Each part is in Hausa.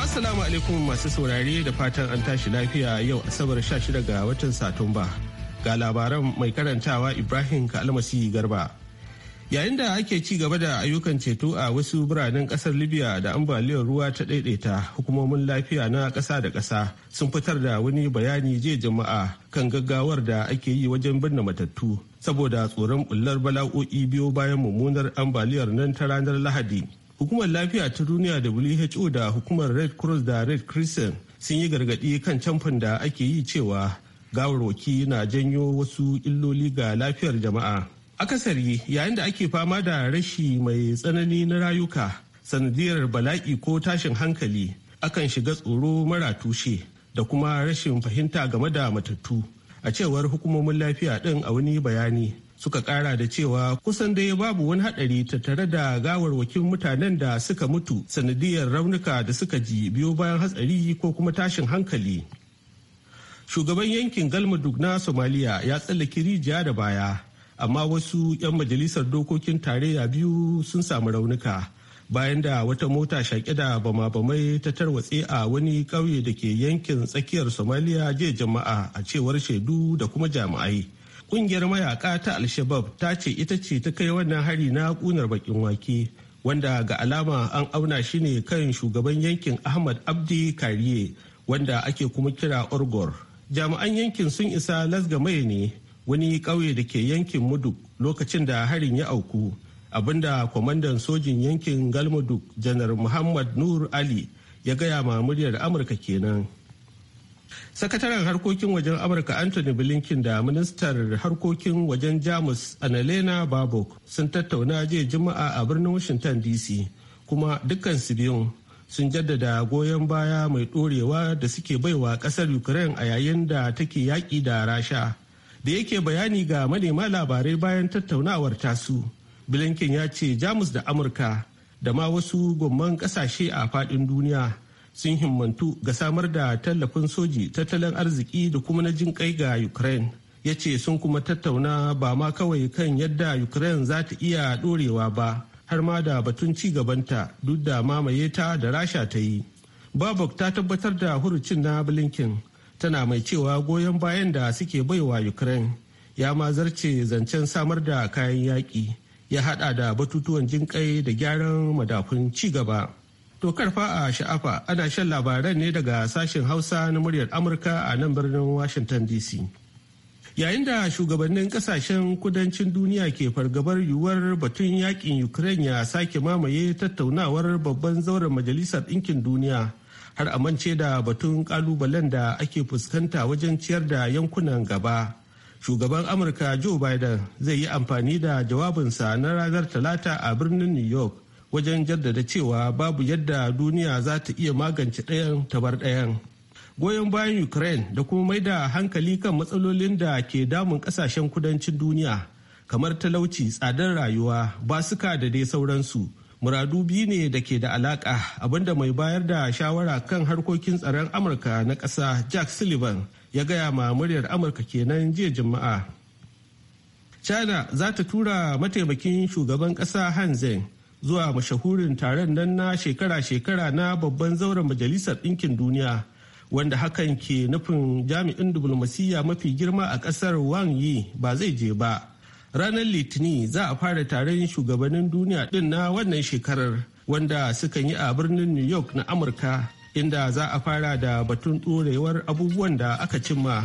assalamu alaikum masu saurare da fatan an tashi lafiya yau asabar 16 ga watan satumba ga labaran mai karantawa ibrahim ka kalmasi garba yayin da ake ci gaba da ayyukan ceto a wasu biranen kasar libya da ambaliyar ruwa ta daidaita hukumomin lafiya na kasa da kasa sun fitar da wani bayani je jama'a kan gaggawar da ake yi wajen binne matattu saboda tsoron bullar bala'o'i biyo bayan mummunar ambaliyar nan ta ranar lahadi hukumar lafiya ta duniya who da hukumar red cross da red crescent sun yi gargaɗi kan camfan da ake yi cewa gawarwaki na janyo wasu illoli ga lafiyar jama'a akasari yayin da ake fama da rashi mai tsanani na rayuka sanadiyar bala'i ko tashin hankali akan shiga tsoro mara tushe da kuma rashin fahimta game da matattu a cewar hukumomin lafiya ɗin a wani bayani suka kara da cewa kusan dai babu wani hadari tattare da gawar gawarwakin mutanen da suka mutu sanadiyar raunuka da suka ji biyo bayan hatsari ko kuma tashin hankali shugaban yankin galma na somaliya ya tsallake rijiya da baya amma wasu 'yan majalisar dokokin tarayya biyu sun samu raunuka bayan da wata mota shaƙi da bama-bamai ta tarwatse a wani ƙauye da ke yankin tsakiyar somaliya jiya jama'a a cewar shaidu da kuma jami'ai Kungiyar mayaka ta Alshabab ta ce ita ce ta kai wannan hari na kunar bakin wake wanda ga alama an auna shi ne kan shugaban yankin Ahmad Abdi Kariye wanda ake kuma kira Orgor. Jami'an yankin sun isa mai ne wani ƙauye da ke yankin Muduk lokacin da harin ya auku. abinda kwamandan sojin yankin galmudug janar muhammad nur ali ya gaya ma muryar amurka kenan sakataren harkokin wajen amurka anthony blinken da ministar harkokin wajen jamus annalena babok sun tattauna jiya juma'a a birnin washington dc kuma dukkan su biyun sun jaddada goyon baya mai ɗorewa da suke baiwa ƙasar ukraine a yayin da take yaƙi da rasha da yake bayani ga manema labarai bayan tattaunawar tasu blinken ya ce jamus da amurka da ma wasu gomman ƙasashe a faɗin duniya sun himmantu ga samar da tallafin soji tattalin arziki da kuma na jin kai ga ukraine ya ce sun kuma tattauna ba ma kawai kan yadda ukraine za ta iya dorewa ba har ma da batun ci gabanta duk da mamaye ta da rasha ta yi babok ta tabbatar da hurucin na blinken tana mai cewa goyon bayan da suke baiwa ukraine ya ma zarce zancen samar da kayan yaƙi ya hada da batutuwan jinƙai da gyaran madafun ci gaba To karfa a sha'afa ana shan labaran ne daga sashen Hausa na muryar Amurka a nan birnin Washington DC. Yayin da shugabannin kasashen kudancin duniya ke fargabar yiwuwar batun yakin Ukraine ya sake mamaye tattaunawar babban zauren Majalisar Ɗinkin Duniya har amince da batun kalubalen da ake fuskanta wajen ciyar da yankunan gaba. Shugaban Amurka Joe Biden zai yi amfani da jawabinsa na ranar Talata a birnin New York. wajen jaddada cewa babu yadda duniya za ta iya magance ɗayan tabar ɗayan goyon bayan ukraine da kuma mai da hankali kan matsalolin da ke damun kasashen kudancin duniya kamar talauci tsadar rayuwa basuka da dai sauransu muradu biyu ne da ke da alaka abinda mai bayar da shawara kan harkokin tsaron amurka na ƙasa jack sullivan ya gaya ma muryar amurka kenan jiya juma'a china za ta tura mataimakin shugaban ƙasa hanzen zuwa mashahurin taron nan na shekara-shekara na babban zauren majalisar ɗinkin duniya wanda hakan ke nufin jami'in diplomasiyya mafi girma a ƙasar wang yi ba zai je ba ranar litinin za a fara taron shugabannin duniya ɗin na wannan shekarar wanda suka yi a birnin new york na amurka inda za a fara da batun ɗorewar abubuwan da aka cimma.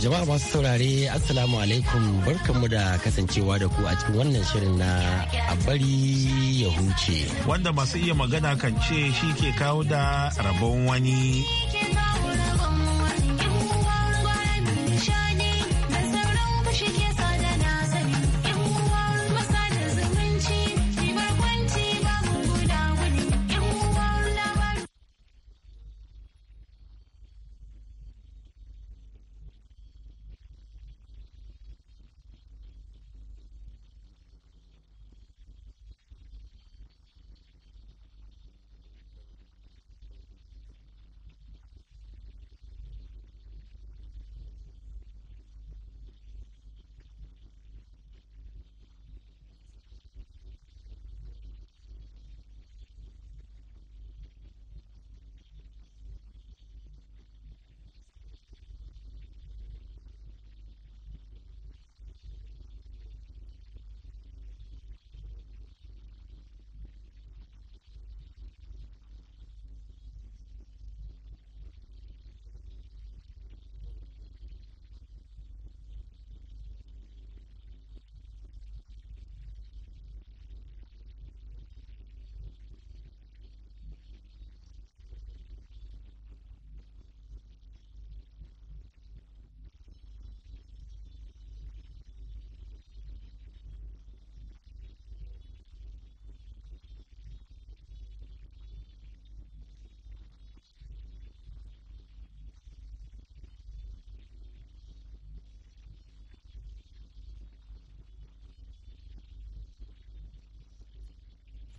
jama'a masu saurare assalamu alaikum barkanmu da kasancewa da ku a cikin wannan shirin na a bari ya huce. Wanda masu iya magana kan ce shi ke kawo da rabon wani.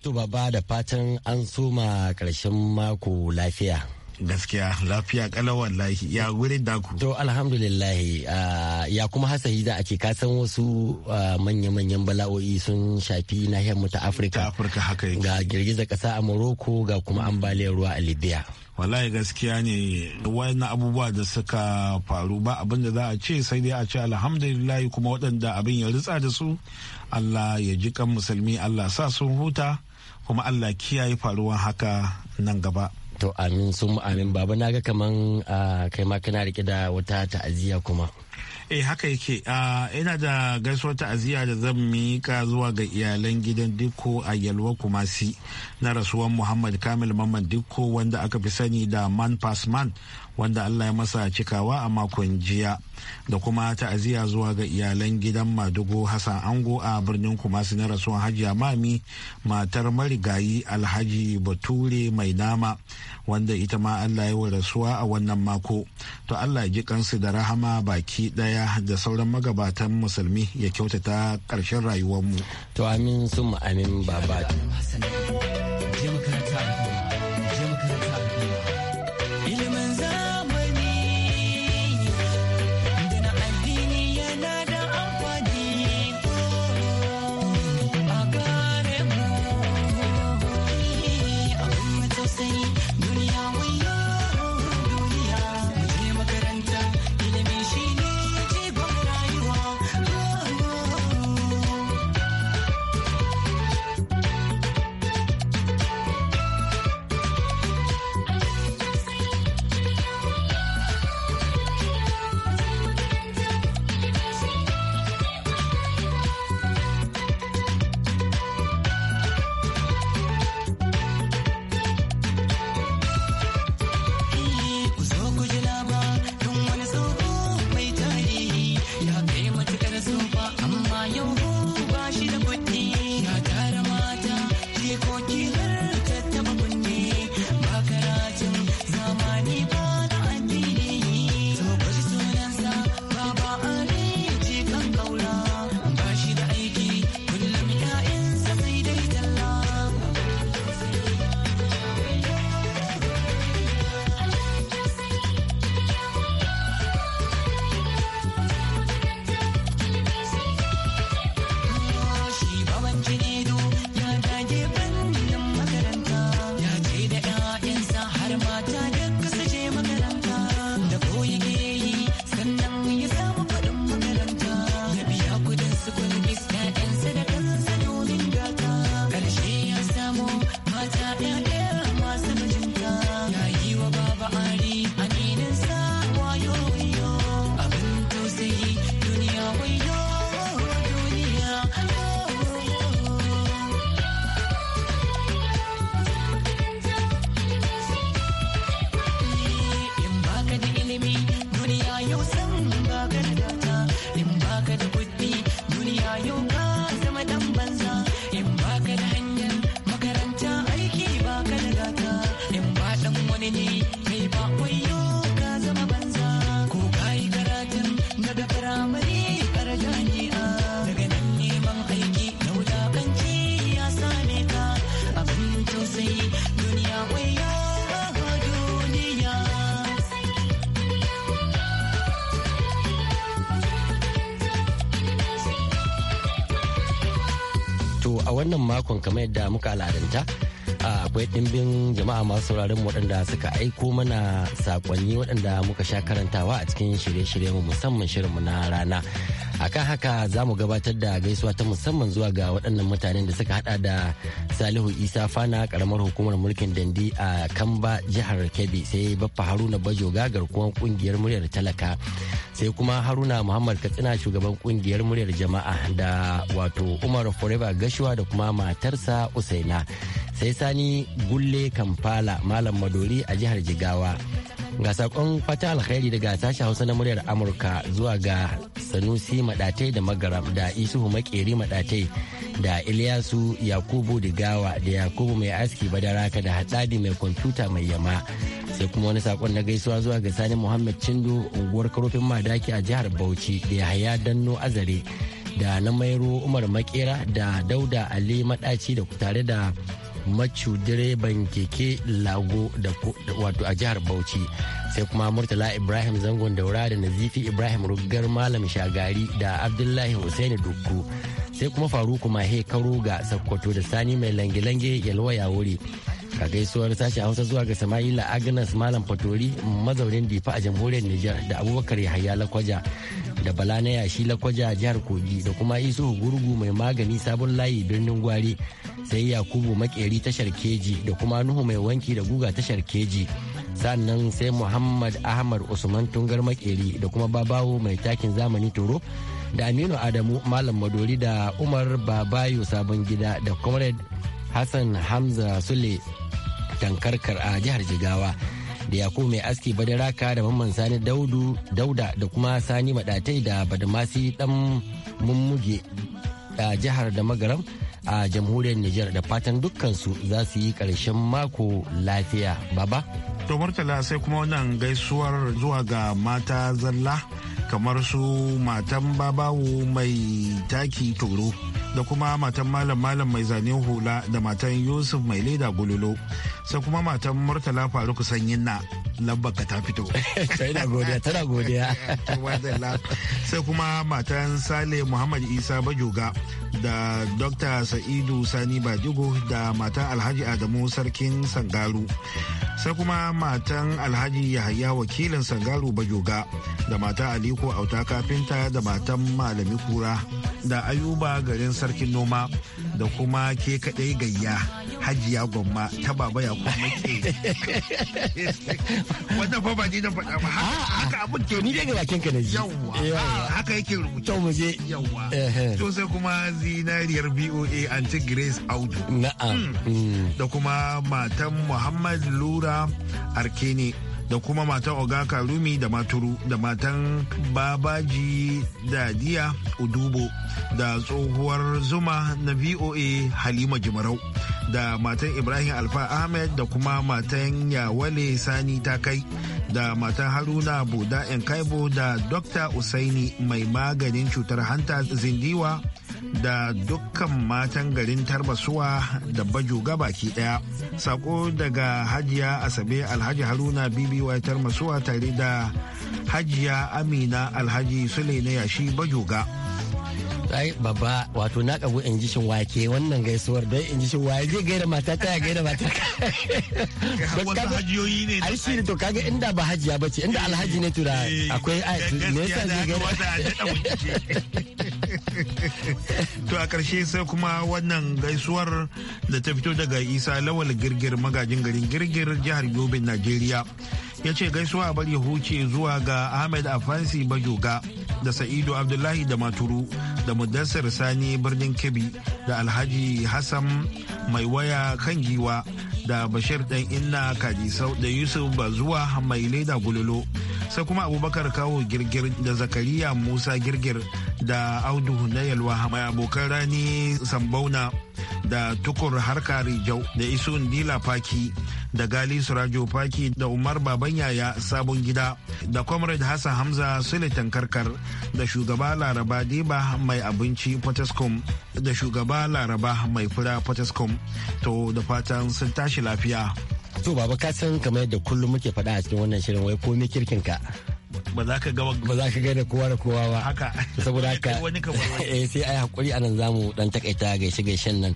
To baba da fatan an soma karshen mako lafiya. gaskiya lafiya kalau wallahi ya wurin daku to alhamdulillah ya kuma hasahi da ake kasan wasu manya-manyan bala'o'i sun shafi nahiyar mu ta afirka ga girgizar kasa a morocco ga kuma ambaliyar ruwa a libya wallahi gaskiya ne na abubuwa da suka faru ba abin da za a ce sai dai a ce alhamdulillah kuma waɗanda abin ya ritsa da su allah ya ji kan musulmi allah sa sun huta kuma allah kiyaye faruwan haka nan gaba to amin sun amin baba naga kaman kai ma kana rike da wata ta'aziyya kuma eh haka yake ina da gaisuwar ta'aziyya da zan mika zuwa ga iyalan gidan dikko a yalwa kumasi na rasuwan muhammad kamil mamman dikko wanda aka fi sani da man pass man wanda allah ya masa cikawa a makon jiya da kuma ta'aziyya zuwa ga iyalan gidan madugo hassan ango a birnin kumasi na rasuwan hajiya mami matar marigayi alhaji bature mai nama wanda ita ma allah ya rasuwa a wannan mako to allah ji kansu da rahama baki daya da sauran magabatan musulmi ya kyautata ƙarshen mu to amin sun amin baba da muka al'adanta akwai ɗimbin jama'a masu sauraron mu waɗanda suka aiko mana sakonni waɗanda muka sha karantawa a cikin shirye-shiryen mu musamman shirinmu na rana akan haka za mu gabatar da gaisuwa ta musamman zuwa ga waɗannan mutanen da suka hada da salihu isa fana karamar hukumar mulkin dandi a kamba jihar kebbi sai baffa haruna bajoga garkuwan ƙungiyar muryar talaka sai kuma haruna muhammad katsina shugaban kungiyar muryar jama'a da wato umar forever gashuwa da kuma matarsa usaina sai sani gulle kamfala malam madori a jihar jigawa ga sakon fata alkhairi daga sashen hausa na muryar amurka zuwa ga sanusi madatai da magaram da isuhu makeri madatai da ilyasu yakubu digawa da yakubu mai aski badaraka da hatsadi mai kwamfuta mai yama da kuma wani sakon na gaisuwa zuwa ga sani muhammad cindo unguwar karofin madaki a jihar bauchi da yahaya danno azare da na mairo umar makera da dauda ali madaci da tare da macu direban keke lago da wato a jihar bauchi sai kuma murtala ibrahim zangon daura da nazifi ibrahim rugar malam shagari da abdullahi hussaini dukku sai kuma faruku mahe karo ga sakkwato da sani mai lange-lange yalwa wuri Ga gaisuwar a Hausa zuwa ga Sama'ila Agnes Malam Fatori mazaunin Difa a jamhuriyar niger da Abubakar Yahaya Lakwaja da Bala na yashi Lakwaja jihar Kogi da kuma Isu Gurgu mai magani sabon layi birnin Gwari sai Yakubu Makeri tashar Keji da kuma Nuhu mai wanki da guga tashar Keji. sannan sai muhammad ahmad usman tungar makeri da kuma babawo mai takin zamani toro da aminu adamu malam madori da umar babayo sabon gida da comrade hassan hamza sule tankarkar a jihar jigawa da ya mai aski badaraka da mamman sani daudu dauda da kuma sani madatai da badmasi dan mummuge a jihar da magaram a jamhuriyar Nijar da fatan dukkansu za su yi karshen mako lafiya baba. To Murtala sai kuma wannan gaisuwar zuwa ga mata zalla kamar su matan babawo mai taki toro da kuma matan malam malam mai zane hula da matan yusuf mai leda gululu sai kuma matan murtala faruk sanyin na lambar ta fito tana godiya tana godiya sai kuma matan sale muhammad isa bajoga da dr sa'idu sani badigo da matan alhaji adamu sarkin sangaru sai kuma matan alhaji yahaya wakilin sangaru bajoga da matan aliko auta kafinta da matan malami kura da ayuba garin sarkin noma da kuma ke kaɗai gayya hajiya gwamma ta baba ya kuma ke wannan fa ba ni da faɗa ba haka abin ke ni daga bakin ka ne yawa haka yake rubuta to mu je yawa to sai kuma zinariyar BOA anti Grace Audu na'am hmm. da kuma matan Muhammad Lura Arkene da kuma matan ogaka rumi da maturu da matan babaji dadiya udubo da tsohuwar zuma na voa halima jimarau da matan ibrahim alfa ahmed da kuma matan yawale sani ta kai. da matan haruna buda kaibo da dr usaini mai maganin cutar hanta zindiwa da dukkan matan garin tarbasuwa da bajuga baki daya sako daga hajiya asabe alhaji haruna bibiwa tarmasuwa tare da hajiya amina alhaji sule na yashi bajuga ai baba wato na kago in ji shin wake wannan gaisuwar dai in ji shin wake zai gaida mata ta ya gaida mata ka wannan hajiyoyi ne ai shi to kaga inda ba hajiya bace inda eh, alhaji ne to da eh, akwai ai ne eh, yasa zai gaida to a ƙarshe sai kuma wannan gaisuwar da ta fito daga isa lawal girgir magajin garin girgir jihar Yobe najeriya ya ce gaisuwa bari huce zuwa ga ahmed afansi bajoga da sa'idu abdullahi da maturu da mudassir sani birnin kebbi da alhaji hassan mai waya kan giwa da bashir dan inna kadisau da yusuf bazuwa mai leda gulolo sai kuma abubakar kawo girgir da zakariya musa girgir da audu na yalwa mai abokan rani sambauna da tukur harka rijau da isun dila faki da gali surajo faki da umar baban yaya sabon gida da comrade hassan hamza sulitan karkar da shugaba laraba diba mai abinci potescom da shugaba laraba mai fura potescom to da fatan sun tashi lafiya to baba ka san kamar yadda kullum muke faɗa a cikin wannan shirin wai komai kirkin ka ba za ka ga ba za ka ga da kowa da kowa ba haka saboda haka eh sai ai hakuri anan zamu dan takaita gaishe shan nan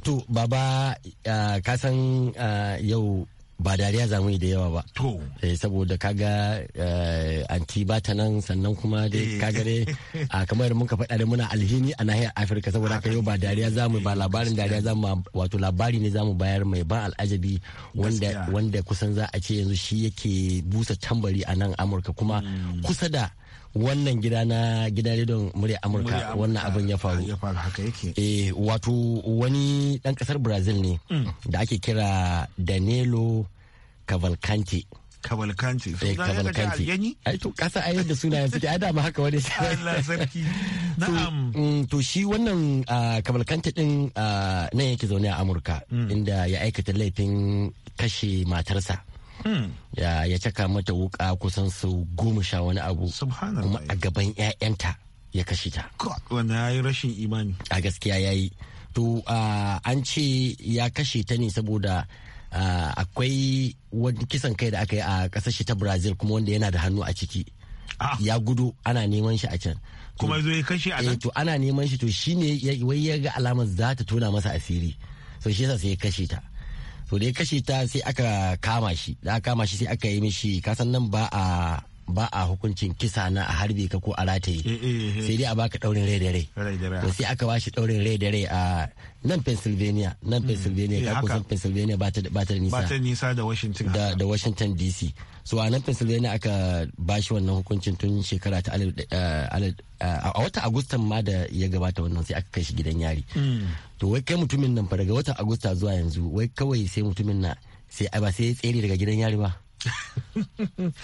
To, baba ka san yau ba dariya mu yi da yawa ba. To. Eh, saboda kaga anti ba ta nan sannan kuma dai eh. kaga dai uh, kamar muka faɗa da muna alhini a nahiyar Afirka saboda haka yau ba dariya za mu ba labarin dariya za mu wato labari ne za mu bayar mai ban al'ajabi wanda wanda kusan za a ce yanzu shi yake busa tambari a nan Amurka kuma hmm. kusa da wannan gida na gida rediyon murya amurka wannan abin ya faru eh, wato wani dan kasar brazil ne mm. da ake kira danilo cavalcanti cavalcanti eh, Ai, to, kasa ayyar da suna suke, ai dama haka wani shi. Na'am. Mm, to, shi wannan ah, Cavalcanti din ah, nan yake zaune a Amurka, mm. inda ya aikata laifin kashe matarsa. Hmm. ya ya caka mata wuka kusan sau goma sha wani abu kuma a gaban 'ya'yanta ya kashe ta wanda ya yi rashin imani a gaskiya ya yi to an ce ya kashe ta ne saboda akwai wani kisan kai da aka yi a kasar shi ta brazil kuma wanda yana da hannu a ciki ah. ya gudu ana neman shi a can kuma zo ya kashe a eh, to ana neman shi to shine wai ya ga alamar za ta tona masa asiri so shi yasa sai ya kashe ta to dai kashe ta sai aka kama shi da kama shi sai aka yi mishi kasan nan ba a ba a hukuncin kisa na a harbe ka ko a rataye mm, mm, mm. sai dai a baka daurin rai da rai to sai aka bashi daurin rai da rai a nan Pennsylvania nan Pennsylvania eh, ka kusan Pennsylvania ba ta da nisa ba ta nisa da Washington da, da Washington DC so a nan Pennsylvania aka bashi wannan hukuncin tun shekara ta eh, eh, a watan Agustan ma da ya gabata wannan sai aka kai shi gidan yari to wai kai mutumin nan fa daga watan Agusta zuwa yanzu wai kawai sai mutumin na sai ba sai ya tsere daga gidan yari ba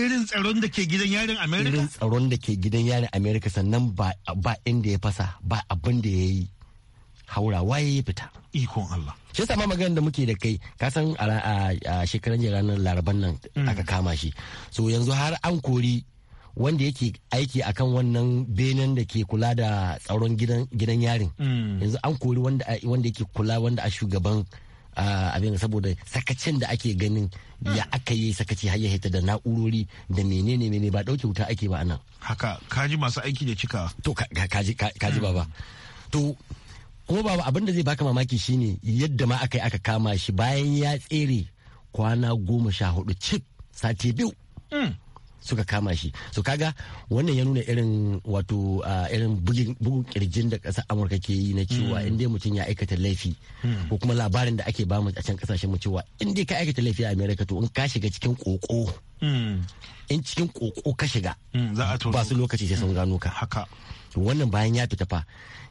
irin tsaron da ke gidan yarin Amerika. irin tsaron da ke gidan yarin Amerika. sannan ba inda ya fasa ba abin da ya yi waye ya fita ikon allah shi sama magana da muke da kai ka san a shekaran ranar laraban nan mm. aka kama shi so yanzu har an kori wanda yake aiki akan wannan benen da ke kula da tsaron gidan yarin mm. yanzu an kori wanda yake kula wanda a shugaban abin saboda sakacin da ake ganin ya aka yi sakaci har ya da na'urori da menene menene ba dauke wuta ake ba anan haka kaji masu aiki da cika to kaji kaji hmm. baba to kuma baba abin da zai baka mamaki shine yadda ma aka yi aka kama shi bayan ya tsere kwana goma sha hudu cif sati biyu hmm. suka kama shi so kaga wannan ya nuna irin wato irin bugun kirjin da ƙasar amurka ke yi na cewa hmm. in dai mutum ya aikata laifi hmm. ko kuma labarin da ake bamu a can kasashen mu cewa in dai ka aikata laifi a america to in ka shiga cikin koko hmm. in cikin koko ka shiga ba su lokaci sai sun gano ka haka wannan bayan ya fita fa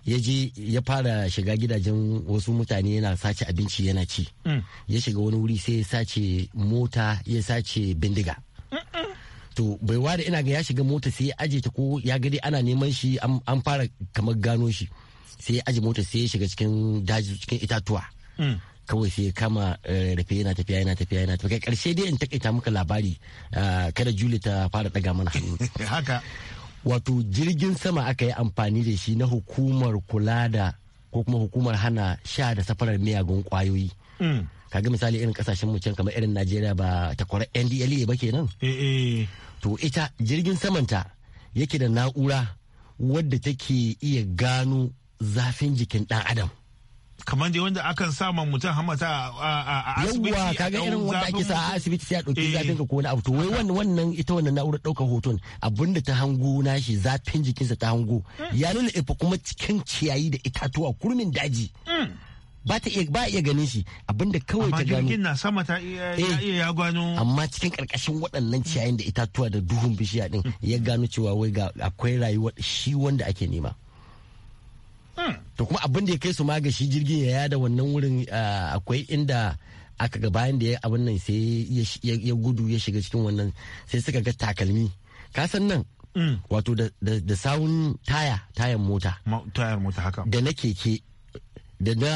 ya je ya fara shiga gidajen wasu mutane yana sace abinci yana ci ya shiga wani wuri sai ya sace mota ya sace bindiga to bai ware ina ga ya shiga mota sai ya aje ta ko ya gadi ana neman shi an fara kamar gano shi sai ya aje mota sai ya shiga cikin daji cikin itatuwa hmm. kawai sai ya kama eh, rufe yana tafiya yana tafiya yana tafiya karshe dai in takaita muka labari eh, kada juli ta fara daga mana hannu haka wato jirgin sama aka yi amfani da shi na hukumar kula da ko kuma hukumar hana sha da safarar miyagun kwayoyi hmm. kaga misali irin kasashen mu can kamar irin najeriya ba takwara ndla ba kenan eh, to ita jirgin samanta yake da na'ura wadda take iya gano zafin jikin dan adam kamar dai wanda akan ma mutum hamata a asibiti yawwa kaga irin wanda ake sa a asibiti sai a dauki eh. zafin ka ko wani abu to wai wannan ita wannan na'urar daukar hoton abinda ta hango nashi zafin jikinsa ta hango ya nuna hmm. ifa kuma cikin ciyayi da itatuwa kurmin daji hmm. ba ta iya ba iya ganin shi abinda kawai ta gano amma na sama ta iya ya eh. gano amma cikin karkashin waɗannan ciyayin da itatuwa da duhun bishiya din hmm. ya gano cewa wai ga akwai rayuwar shi wanda ake nema hmm. to kuma abin da ya kai su ma ga shi jirgin ya yada wannan wurin akwai inda aka ga bayan da ya abin nan sai ya gudu ya shiga cikin wannan sai suka ga takalmi ka san nan hmm. wato da sawun taya tayan mota tayar mota haka da na keke da na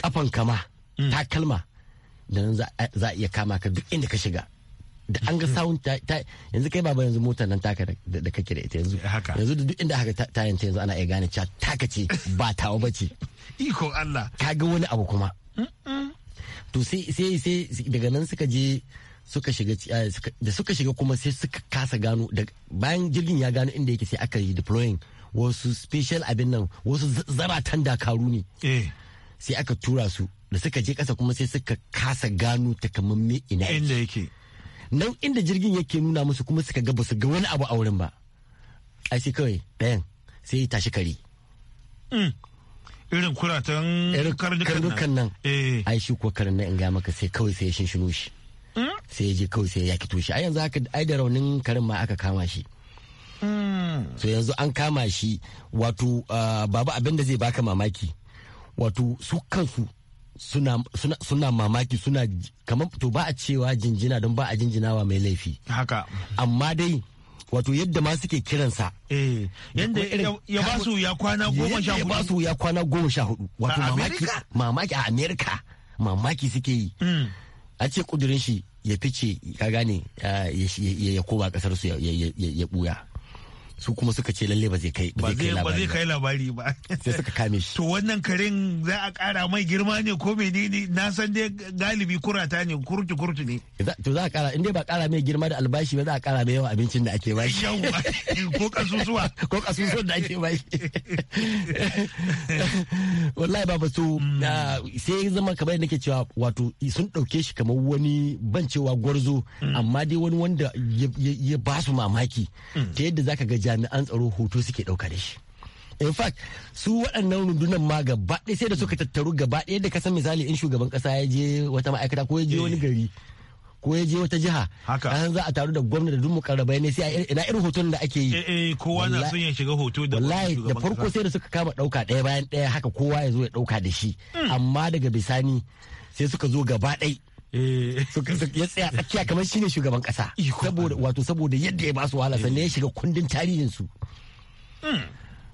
kafan kama mm. takalma da nan za a iya kama ka duk inda ka shiga da an ga mm. sawun ta yanzu kai baba yanzu motar nan taka da kake da ita yanzu yanzu da duk inda haka ta ta yanzu ana iya gane cewa taka ce ba tawa ba ce iko Allah ka ga wani abu kuma to sai sai sai daga nan suka je suka shiga eh, da suka shiga kuma sai suka kasa gano bayan jirgin ya gano inda yake sai aka yi deploying wasu special abin nan wasu zaratan dakaru ne eh. sai aka tura su da suka je kasa kuma sai suka kasa gano takamamme ina inda yake nan inda jirgin yake nuna musu kuma suka ga basu ga wani abu a wurin ba ai sai kawai ɗayan sai tashi kari mm. irin kuratan karnukan nan eh. ai shi kuwa karin nan in ga maka sai kawai sai ya shinshino shi mm? sai ya je kawai sai ya kito shi ai yanzu haka ai da raunin karin ma aka kama shi so mm. yanzu an kama shi wato ah, babu abin da zai baka mamaki wato su kansu suna, suna, suna mamaki suna kamar to ba a cewa jinjina don ba a jinjinawa mai laifi haka amma dai wato yadda ma suke kiransa eh yadda ya ba su ya kwana goma sha hudu ya ba su ya kwana goma sha hudu wato mamaki mamaki a america mamaki suke yi mm. a ce kudurin shi ya fice ka gane ya koma kasar su ya buya su kuma suka ce lalle ba zai kai ba zai kai labari ba sai suka kame shi to wannan karen za a kara mai girma ne ko menene na san dai galibi kurata ne kurtu kurtu ne to za a kara in dai ba kara mai girma da albashi ba za a kara mai yawan abincin da ake bashi ko kasusuwa ko kasusuwa da ake bashi wallahi ba su hmm. sai zama kamar yadda nake cewa wato sun dauke shi kamar wani ban cewa gwarzo hmm. amma dai wani wanda ya ba su mamaki hmm. ta yadda zaka ga jami'an tsaro hoto suke ɗauka da shi in fact su waɗannan rundunan ma gaba ɗaya sai da suka tattaru gaba ɗaya da kasan misali in shugaban ƙasa ya je wata ma'aikata ko ya je wani eh. gari ko ya je wata jiha an za a taru da gwamna da duk karaba ne sai ina irin hoton da ake yi eh, eh kowa na son ya shiga hoto da wallahi da farko sai da suka kama ɗauka ɗaya bayan ɗaya haka kowa ya zo ya ɗauka da shi hmm. amma daga bisani sai suka zo gaba ɗaya Eh. ya tsaya tsakiya kamar shine shugaban kasa saboda wato saboda yadda ya ba su wahala eh. sannan ya shiga kundin tarihinsu. su hmm.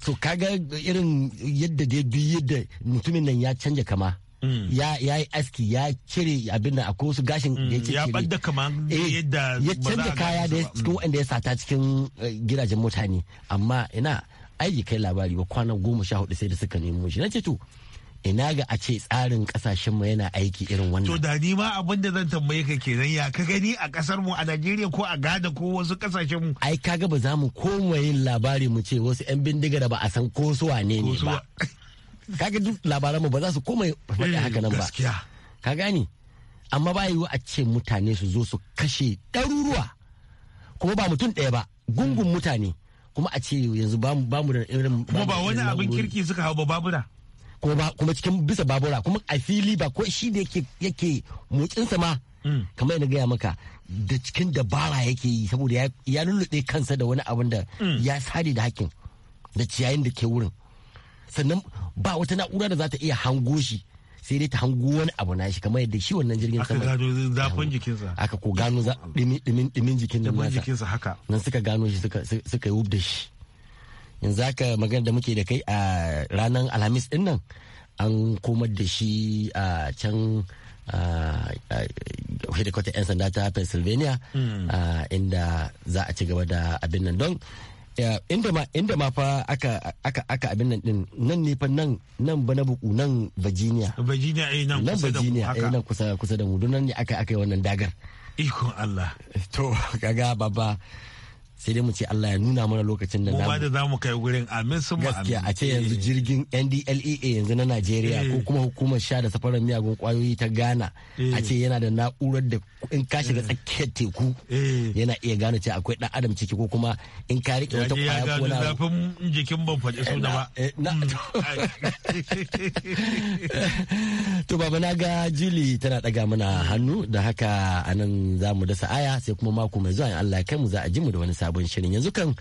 so kaga irin yadda dai duk yadda mutumin nan ya canja kama hmm. ya yi aski ya cire abin a akwai su gashin da ya cire hmm. ya bada kama eh, yadda ya canja kaya da cikin wanda ya sata cikin gidajen mutane amma ina ai kai labari ba kwana goma sha hudu sai da suka nemo shi na ce to ina ga a ce tsarin kasashen mu yana aiki irin wannan. To da ni ma abin da zan tambaye ka kenan ya ka gani a kasar mu a Najeriya ko a Ghana ko wasu kasashen mu. Ai kaga ba za mu koma yin labari mu ce wasu 'yan bindiga da ba a san ko su wane ne ba. Kaga duk labaran mu ba za su koma faɗi haka nan ba. Eh, gaskiya. Ka gani? Amma ba yiwu a ce mutane su zo su kashe ɗaruruwa. Kuma ba mutum ɗaya ba gungun mutane. Kuma a ce yanzu ba mu da irin. Kuma ba wani abin kirki suka hau ba babura. kuma kuma cikin bisa babura kuma a fili ba ko shi da yake yake motsinsa ma mm. kamar yadda gaya maka da cikin dabara yake yi saboda ya lulluɗe kansa da wani abin da mm. ya sare da hakin da ciyayin da ke wurin sannan ba wata na'ura da za ta iya hango shi sai dai ta hango wani abu na shi kamar yadda shi wannan jirgin sama aka gano zafin jikinsa aka ko gano dimin jikin nasa jikinsa haka nan suka gano shi suka yi wub da shi In za ka magana da muke da kai a ranar alhamis din nan an komar da shi a can hedikwatar 'yan sanda ta pennsylvania hmm. inda za a ci gaba da abin nan don inda ma inda ma fa aka abin nan din nan ne fa nan nan ba na buku nan Virginia Virginia eh, nan kusa da Virginia eh nan kusa kusa da mu nan ne aka yi wannan dagar ikon Allah to gaga baba sai dai mu ce Allah ya nuna mana lokacin da mu da zamu kai gurin amin sun mu gaskiya a ce yanzu eh. jirgin NDLEA yanzu na Najeriya eh. ko kuma hukumar sha da safarar miyagun kwayoyi ta Ghana eh. a ce yana da na'urar da in ka shiga tsakiyar teku yana iya gano cewa akwai dan adam ciki ko kuma in ka rike wata kwaya ko na jikin ban faɗi su da ba hmm. to baba na ga Juli tana daga mana hannu da haka anan zamu dasa aya sai kuma mako mai zuwa in Allah ya kai mu za a ji mu da wani sa sabon shirin yanzu kan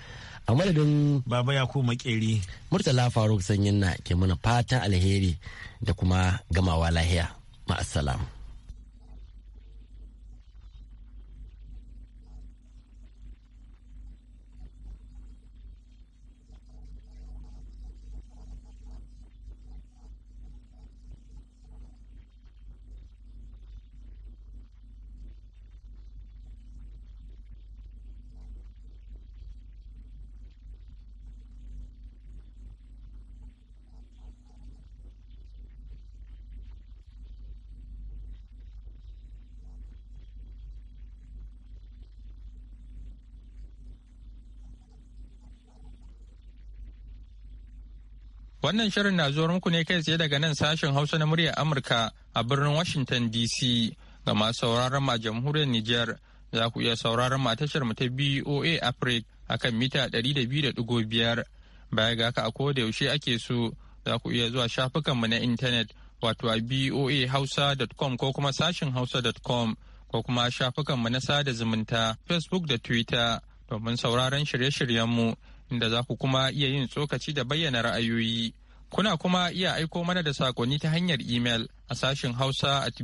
a madadin baba ya ko makeri murtala faruk sanyin na ke mana fatan alheri da kuma gamawa lahiya ma'assalam Wannan shirin na zuwa muku ne kai tsaye daga nan sashen Hausa na muryar Amurka a birnin Washington DC ga masu sauraron ma jamhuriyar Nijar za ku iya sauraron ma tashar mu ta BOA Africa akan mita 200.5 baya ga haka a koda yaushe ake so za ku iya zuwa shafukan mu na intanet wato a BOA boahausa.com ko kuma sashen hausa.com ko kuma shafukan mu na sada zumunta Facebook da Twitter domin sauraron shirye shiryen mu inda za ku kuma iya yin tsokaci da bayyana ra'ayoyi. Kuna kuma iya aiko mana da sakonni ta hanyar imel a sashin Hausa at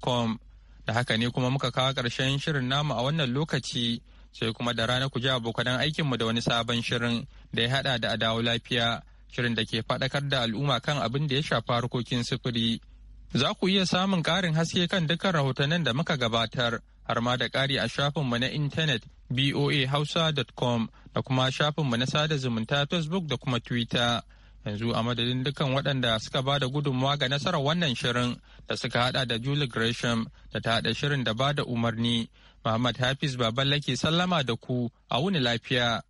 com Da haka ne kuma muka kawo ƙarshen shirin namu a wannan lokaci sai kuma da rana ku ji abokanan aikinmu da wani sabon shirin da ya haɗa da adawo lafiya shirin da ke faɗakar da al'umma kan abin da ya shafi harkokin sufuri. Za ku iya samun ƙarin haske kan dukkan rahotannin da muka gabatar har ma da ƙari a shafinmu na intanet boahausa.com da kuma shafin mu na sada zumunta facebook da kuma twitter yanzu a madadin dukkan waɗanda suka ba da gudunmawa ga nasarar wannan shirin da suka hada da julie gresham da ta hada shirin da ba da umarni muhammad hafiz baballa ke sallama da ku a wuni lafiya